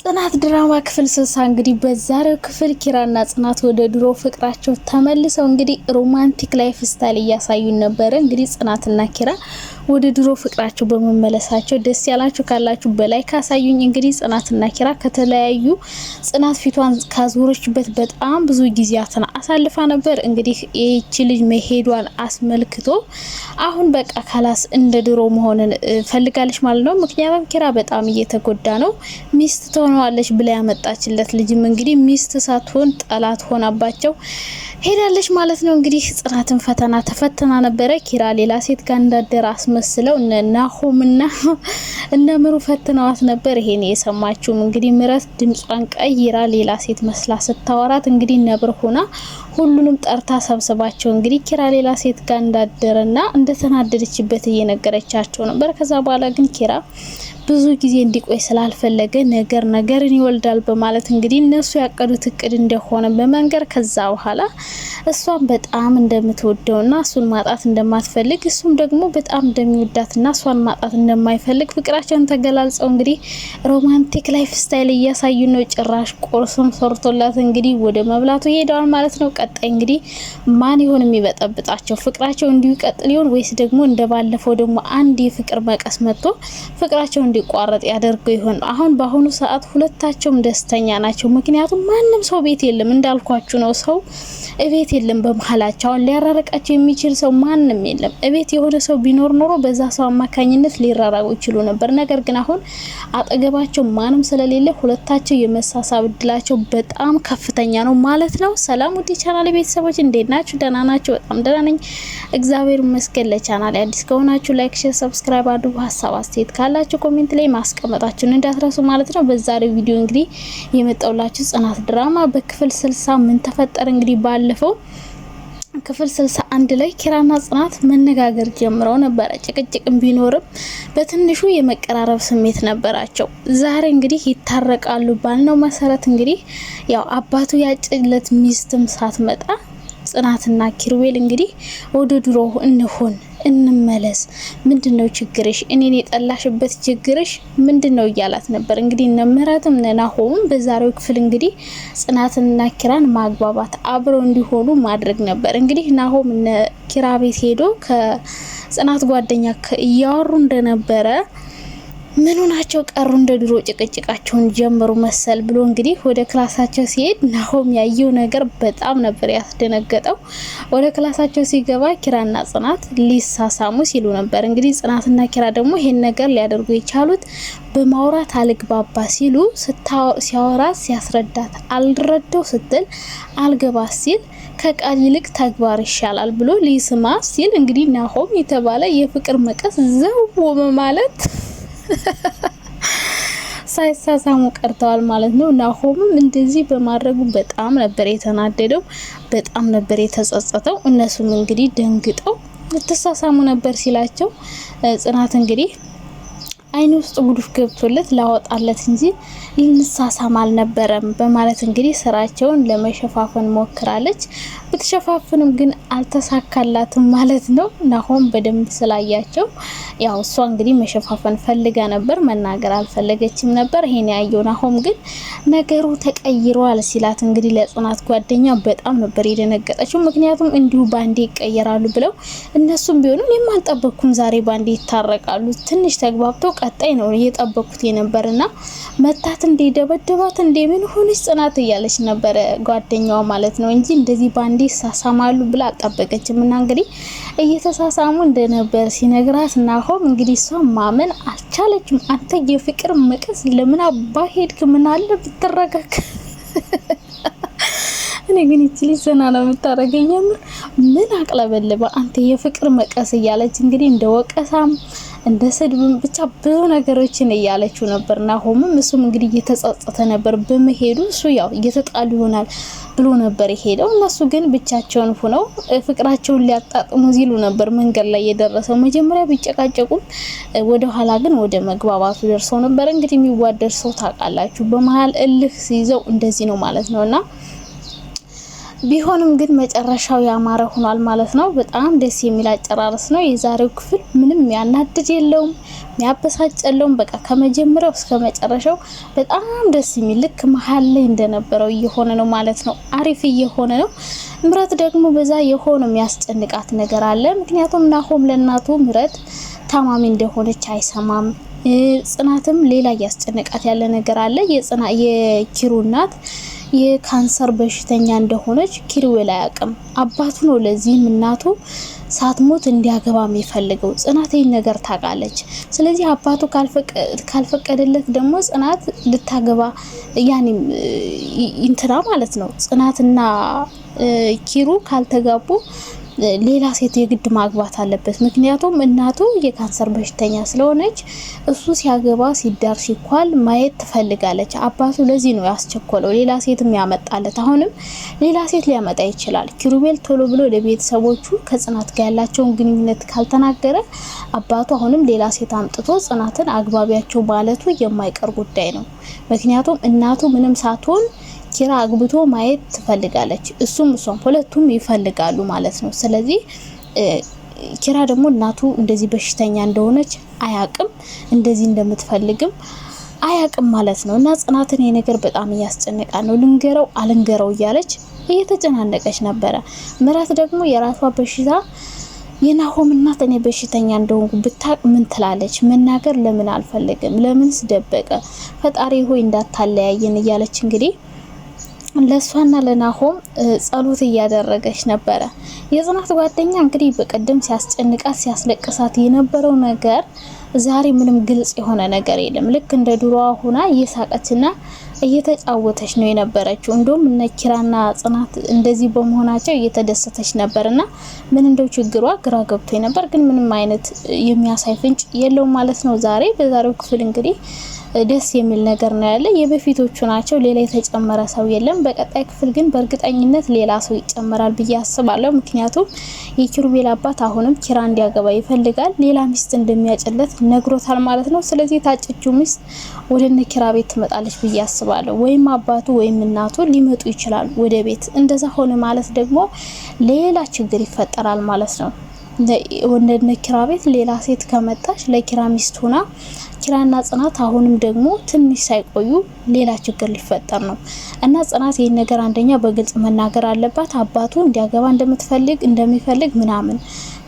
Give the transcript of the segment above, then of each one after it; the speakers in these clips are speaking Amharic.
ጽናት ድራማ ክፍል ስልሳ እንግዲህ በዛሬው ክፍል ኪራና ጽናት ወደ ድሮ ፍቅራቸው ተመልሰው እንግዲህ ሮማንቲክ ላይፍ ስታይል እያሳዩን ነበረ። እንግዲህ ጽናትና ኪራ ወደ ድሮ ፍቅራቸው በመመለሳቸው ደስ ያላችሁ ካላችሁ በላይ ካሳዩኝ። እንግዲህ ጽናትና ኪራ ከተለያዩ ጽናት ፊቷን ካዞረችበት በጣም ብዙ ጊዜያትን አሳልፋ ነበር። እንግዲህ ይህቺ ልጅ መሄዷን አስመልክቶ አሁን በቃ ካላስ እንደ ድሮ መሆንን ፈልጋለች ማለት ነው። ምክንያቱም ኪራ በጣም እየተጎዳ ነው ሚስት ትሆነዋለች ብላ ያመጣችለት ልጅም እንግዲህ ሚስት ሳትሆን ጠላት ሆናባቸው ሄዳለች ማለት ነው። እንግዲህ ጽናትን ፈተና ተፈተና ነበረ። ኪራ ሌላ ሴት ጋር እንዳደረ አስመስለው እነ ናሆምና እነ ምሩ ፈትነዋት ነበር። ይሄን የሰማችውም እንግዲህ ምረት ድምጿን ቀይራ ሌላ ሴት መስላ ስታወራት እንግዲህ ነብር ሆና ሁሉንም ጠርታ ሰብስባቸው እንግዲህ ኪራ ሌላ ሴት ጋር እንዳደረና እንደተናደደችበት እየነገረቻቸው ነበር። ከዛ በኋላ ግን ኪራ ብዙ ጊዜ እንዲቆይ ስላልፈለገ ነገር ነገርን ይወልዳል በማለት እንግዲህ እነሱ ያቀዱት እቅድ እንደሆነ በመንገር ከዛ በኋላ እሷን በጣም እንደምትወደው እና እሱን ማጣት እንደማትፈልግ እሱም ደግሞ በጣም እንደሚወዳትና እሷን ማጣት እንደማይፈልግ ፍቅራቸውን ተገላልጸው እንግዲህ ሮማንቲክ ላይፍ ስታይል እያሳዩ ነው። ጭራሽ ቁርስም ሰርቶላት እንግዲህ ወደ መብላቱ ይሄደዋል ማለት ነው። ቀጣይ እንግዲህ ማን ይሆን የሚበጠብጣቸው? ፍቅራቸው እንዲሁ ይቀጥል ይሆን ወይስ ደግሞ እንደባለፈው ደግሞ አንድ የፍቅር መቀስ መጥቶ ፍቅራቸው እንዲቋረጥ ያደርገው ይሆን? አሁን በአሁኑ ሰዓት ሁለታቸውም ደስተኛ ናቸው። ምክንያቱም ማንም ሰው ቤት የለም እንዳልኳችሁ ነው ሰው እቤት የለም በመሀላቸው። አሁን ሊያራርቃቸው የሚችል ሰው ማንም የለም። እቤት የሆነ ሰው ቢኖር ኖሮ በዛ ሰው አማካኝነት ሊራራቁ ይችሉ ነበር። ነገር ግን አሁን አጠገባቸው ማንም ስለሌለ ሁለታቸው የመሳሳብ እድላቸው በጣም ከፍተኛ ነው ማለት ነው። ሰላም ውድ ቻናል ቤተሰቦች እንዴት ናችሁ? ደህና ናቸው። በጣም ደህና ነኝ እግዚአብሔር ይመስገን። ለቻናል አዲስ ከሆናችሁ ላይክ፣ ሼር፣ ሰብስክራይብ አድርጉ። ሀሳብ አስተያየት ካላችሁ ኮሜንት ላይ ማስቀመጣችሁን እንዳትረሱ ማለት ነው። በዛሬው ቪዲዮ እንግዲህ የመጣውላችሁ ጽናት ድራማ በክፍል ስልሳ ምን ተፈጠረ እንግዲህ ባለ ባለፈው ክፍል ስልሳ አንድ ላይ ኪራና ጽናት መነጋገር ጀምረው ነበረ። ጭቅጭቅም ቢኖርም በትንሹ የመቀራረብ ስሜት ነበራቸው። ዛሬ እንግዲህ ይታረቃሉ ባልነው መሰረት እንግዲህ ያው አባቱ ያጭለት ሚስትም ሳትመጣ ጽናትና ኪርዌል እንግዲህ ወደ ድሮ እንሆን እንመለስ። ምንድን ነው ችግርሽ? እኔን የጠላሽበት ችግርሽ ምንድን ነው እያላት ነበር። እንግዲህ እነ ምህረትም ናሆምም በዛሬው ክፍል እንግዲህ ጽናትንና ኪራን ማግባባት አብረው እንዲሆኑ ማድረግ ነበር። እንግዲህ ናሆም እነ ኪራ ቤት ሄዶ ከጽናት ጓደኛ እያወሩ እንደነበረ ምኑ ቀሩ እንደ ድሮ ጭቅጭቃቸውን ጀመሩ መሰል ብሎ እንግዲህ ወደ ክላሳቸው ሲሄድ ናሆም ያየው ነገር በጣም ነበር ያስደነገጠው። ወደ ክላሳቸው ሲገባ ኪራና ጽናት ሊሳሳሙ ሲሉ ነበር። እንግዲህ ጽናትና ኪራ ደግሞ ይሄን ነገር ሊያደርጉ የቻሉት በማውራት አልግባባ ሲሉ ሲያወራት ሲያስረዳት አልረዳው ስትል አልገባ ሲል ከቃል ይልቅ ተግባር ይሻላል ብሎ ሊስማ ሲል እንግዲህ ናሆም የተባለ የፍቅር መቀስ ዘው በማለት ሳይሳሳሙ ቀርተዋል ማለት ነው። ናሆምም እንደዚህ በማድረጉ በጣም ነበር የተናደደው፣ በጣም ነበር የተጸጸተው። እነሱም እንግዲህ ደንግጠው ልትሳሳሙ ነበር ሲላቸው ጽናት እንግዲህ አይን ውስጥ ጉዱፍ ገብቶለት ላወጣለት እንጂ ልንሳሳም አልነበረም በማለት እንግዲህ ስራቸውን ለመሸፋፈን ሞክራለች። ብትሸፋፍንም ግን አልተሳካላትም ማለት ነው። ናሆም በደንብ ስላያቸው ያው እሷ እንግዲህ መሸፋፈን ፈልጋ ነበር፣ መናገር አልፈለገችም ነበር። ይሄን ያየው ናሆም ግን ነገሩ ተቀይሯል ሲላት እንግዲህ ለጽናት ጓደኛ በጣም ነበር የደነገጠችው። ምክንያቱም እንዲሁ ባንዴ ይቀየራሉ ብለው እነሱም ቢሆኑ እኔም አልጠበቅኩም ዛሬ ባንዴ ይታረቃሉ ትንሽ ተግባብተው ቀጣይ ነው እየጠበኩት የነበር እና መታት እንዴ ደበደባት እንዴ ምን ሆነች ጽናት እያለች ነበረ ጓደኛዋ ማለት ነው እንጂ እንደዚህ ባንዴ ይሳሳማሉ ብላ አልጠበቀችም። እና እንግዲህ እየተሳሳሙ እንደነበር ሲነግራት ናሆም እንግዲህ እሷ ማመን አልቻለችም። አንተ የፍቅር መቀስ ለምን አባ ሄድክ? ምን አለ ብትረጋግ እኔ ግን ይቺ ልጅ ዘና ነው የምታደርገኝ። ምን አቅለበልባ አንተ የፍቅር መቀስ እያለች እንግዲህ እንደ ወቀሳም እንደ ስድብም ብቻ ብዙ ነገሮችን እያለችው ነበር። ናሆምም እሱም እንግዲህ እየተጸጸተ ነበር በመሄዱ እሱ ያው እየተጣሉ ይሆናል ብሎ ነበር የሄደው። እነሱ ግን ብቻቸውን ሁነው ፍቅራቸውን ሊያጣጥሙ ሲሉ ነበር መንገድ ላይ የደረሰው። መጀመሪያ ቢጨቃጨቁም ወደኋላ ግን ወደ መግባባቱ ደርሰው ነበር። እንግዲህ የሚዋደድ ሰው ታውቃላችሁ፣ በመሀል እልህ ሲይዘው እንደዚህ ነው ማለት ነውና ቢሆንም ግን መጨረሻው ያማረ ሆኗል ማለት ነው። በጣም ደስ የሚል አጨራረስ ነው የዛሬው ክፍል። ምንም ያናድድ የለውም የሚያበሳጭ የለውም። በቃ ከመጀመሪያው እስከ መጨረሻው በጣም ደስ የሚል ልክ መሀል ላይ እንደነበረው እየሆነ ነው ማለት ነው። አሪፍ እየሆነ ነው። ምረት ደግሞ በዛ የሆነ የሚያስጨንቃት ነገር አለ። ምክንያቱም ናሆም ለእናቱ ምረት ታማሚ እንደሆነች አይሰማም። ጽናትም ሌላ እያስጨነቃት ያለ ነገር አለ። የኪሩ እናት የካንሰር በሽተኛ እንደሆነች ኪሩዌል አያውቅም። አባቱ ነው። ለዚህም እናቱ ሳትሞት እንዲያገባ የሚፈልገው ጽናት ይህን ነገር ታውቃለች። ስለዚህ አባቱ ካልፈቀደለት ደግሞ ጽናት ልታገባ ያኔ እንትና ማለት ነው ጽናትና ኪሩ ካልተጋቡ ሌላ ሴት የግድ ማግባት አለበት። ምክንያቱም እናቱ የካንሰር በሽተኛ ስለሆነች እሱ ሲያገባ ሲዳር ሲኳል ማየት ትፈልጋለች። አባቱ ለዚህ ነው ያስቸኮለው። ሌላ ሴትም ያመጣለት አሁንም ሌላ ሴት ሊያመጣ ይችላል። ኪሩቤል ቶሎ ብሎ ለቤተሰቦቹ ከጽናት ጋር ያላቸውን ግንኙነት ካልተናገረ አባቱ አሁንም ሌላ ሴት አምጥቶ ጽናትን አግባቢያቸው ማለቱ የማይቀር ጉዳይ ነው። ምክንያቱም እናቱ ምንም ሳትሆን ኪራ አግብቶ ማየት ትፈልጋለች። እሱም እሷም ሁለቱም ይፈልጋሉ ማለት ነው። ስለዚህ ኪራ ደግሞ እናቱ እንደዚህ በሽተኛ እንደሆነች አያቅም፣ እንደዚህ እንደምትፈልግም አያቅም ማለት ነው። እና ጽናትን ይህ ነገር በጣም እያስጨነቃ ነው። ልንገረው አልንገረው እያለች እየተጨናነቀች ነበረ። ምራት ደግሞ የራሷ በሽታ የናሆም እናት እኔ በሽተኛ እንደሆንኩ ብታቅ ምን ትላለች? መናገር ለምን አልፈለግም ለምንስ ደበቀ? ፈጣሪ ሆይ እንዳታለያየን እያለች እንግዲህ ለእሷና ለናሆም ጸሎት እያደረገች ነበረ። የጽናት ጓደኛ እንግዲህ በቀደም ሲያስጨንቃት ሲያስለቅሳት የነበረው ነገር ዛሬ ምንም ግልጽ የሆነ ነገር የለም። ልክ እንደ ድሮዋ ሆና እየሳቀችና እየተጫወተች ነው የነበረችው። እንዲሁም እነ ኪራና ጽናት እንደዚህ በመሆናቸው እየተደሰተች ነበርና ምን እንደው ችግሯ ግራ ገብቶ ነበር፣ ግን ምንም አይነት የሚያሳይ ፍንጭ የለውም ማለት ነው ዛሬ በዛሬው ክፍል እንግዲህ ደስ የሚል ነገር ነው ያለ። የበፊቶቹ ናቸው፣ ሌላ የተጨመረ ሰው የለም። በቀጣይ ክፍል ግን በእርግጠኝነት ሌላ ሰው ይጨመራል ብዬ አስባለሁ። ምክንያቱም የኪሩቤል አባት አሁንም ኪራ እንዲያገባ ይፈልጋል። ሌላ ሚስት እንደሚያጭለት ነግሮታል ማለት ነው። ስለዚህ የታጨችው ሚስት ወደ እነ ኪራ ቤት ትመጣለች ብዬ አስባለሁ። ወይም አባቱ ወይም እናቱ ሊመጡ ይችላሉ ወደ ቤት። እንደዛ ሆነ ማለት ደግሞ ሌላ ችግር ይፈጠራል ማለት ነው። ወንደነ ኪራ ቤት ሌላ ሴት ከመጣች ለኪራ ሚስት ሆና ኪራና ጽናት አሁንም ደግሞ ትንሽ ሳይቆዩ ሌላ ችግር ሊፈጠር ነው እና ጽናት ይህን ነገር አንደኛ በግልጽ መናገር አለባት። አባቱ እንዲያገባ እንደምትፈልግ እንደሚፈልግ ምናምን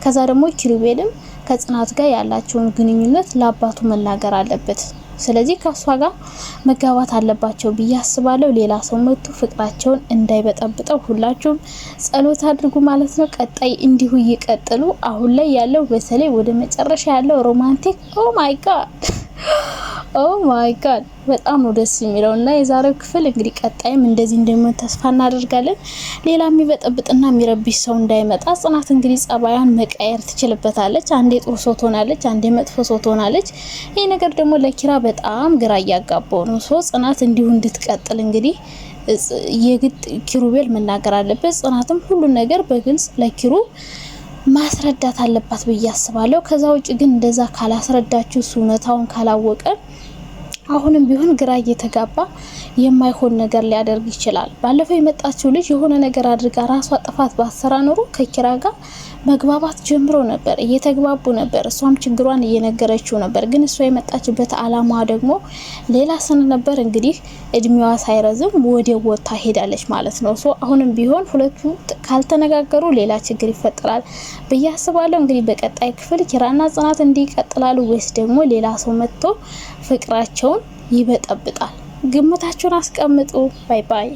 ከዛ ደግሞ ኪሩቤልም ከጽናት ጋር ያላቸውን ግንኙነት ለአባቱ መናገር አለበት። ስለዚህ ከእሷ ጋር መጋባት አለባቸው ብዬ አስባለሁ። ሌላ ሰው መጥቶ ፍቅራቸውን እንዳይበጠብጠው ሁላችሁም ጸሎት አድርጉ ማለት ነው። ቀጣይ እንዲሁ ይቀጥሉ። አሁን ላይ ያለው በተለይ ወደ መጨረሻ ያለው ሮማንቲክ ኦ ማይ ጋድ ኦ ማይ ጋድ በጣም ነው ደስ የሚለው እና የዛሬው ክፍል እንግዲህ ቀጣይም እንደዚህ እንደሚሆን ተስፋ እናደርጋለን። ሌላ የሚበጠብጥና የሚረብሽ ሰው እንዳይመጣ ጽናት እንግዲህ ጸባያን መቀየር ትችልበታለች። አንዴ ጥሩ ሰው ትሆናለች፣ አንዴ መጥፎ ሰው ትሆናለች። ይህ ነገር ደግሞ ለኪራ በጣም ግራ እያጋባው ነው። ሶ ጽናት እንዲሁ እንድትቀጥል እንግዲህ የግድ ኪሩቤል መናገር አለበት። ጽናትም ሁሉን ነገር በግልጽ ለኪሩ ማስረዳት አለባት ብዬ አስባለሁ። ከዛ ውጭ ግን እንደዛ ካላስረዳችሁ እሱ እውነታውን ካላወቀ አሁንም ቢሆን ግራ እየተጋባ የማይሆን ነገር ሊያደርግ ይችላል። ባለፈው የመጣችው ልጅ የሆነ ነገር አድርጋ ራሷ ጥፋት ባሰራ ኖሮ ከኪራ ጋር መግባባት ጀምሮ ነበር፣ እየተግባቡ ነበር። እሷም ችግሯን እየነገረችው ነበር። ግን እሷ የመጣችበት አላማ ደግሞ ሌላ ስን ነበር። እንግዲህ እድሜዋ ሳይረዝም ወደ ወታ ሄዳለች ማለት ነው። አሁንም ቢሆን ሁለቱ ካልተነጋገሩ ሌላ ችግር ይፈጠራል ብዬ አስባለሁ። እንግዲህ በቀጣይ ክፍል ኪራና ጽናት እንዲቀጥላሉ ወይስ ደግሞ ሌላ ሰው መጥቶ ፍቅራቸውን ይበጠብጣል። ግምታችሁን አስቀምጡ። ባይ ባይ።